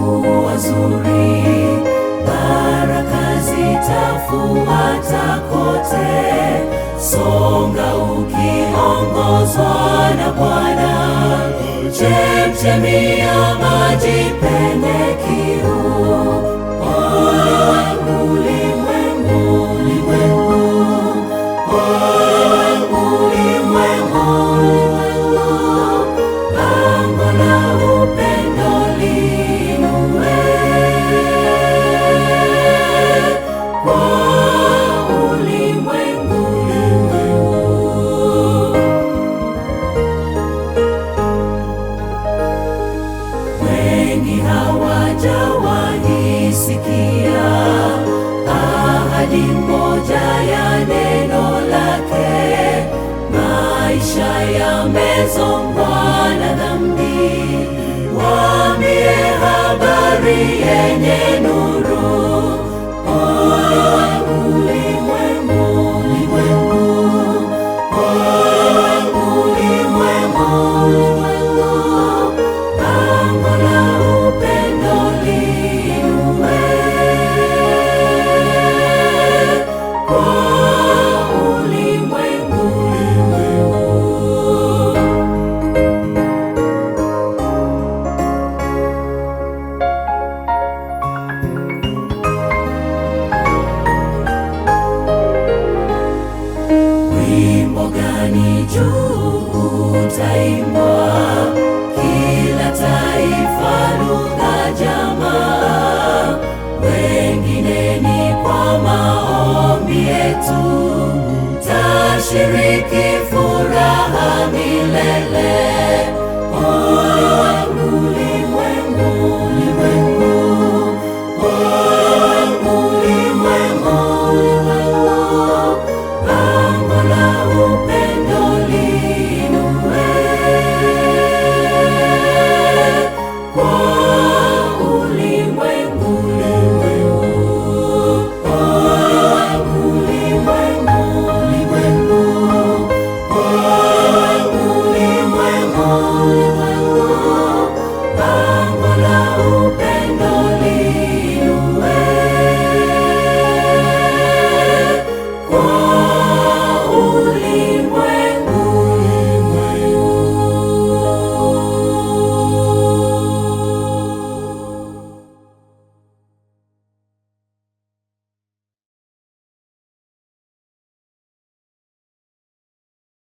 Mungu wazuri, baraka zitafuata kote. Songa ukiongozwa na Bwana, chemchemi ya maji, pende kiu wengi hawajawahisikia ahadi moja ya neno lake. Maisha yamezongwa na dhambi, waambie habari yenye Wimbo gani juu utaimbwa? Kila taifa, lugha, jamaa, wengine ni kwa maombi yetu tashiriki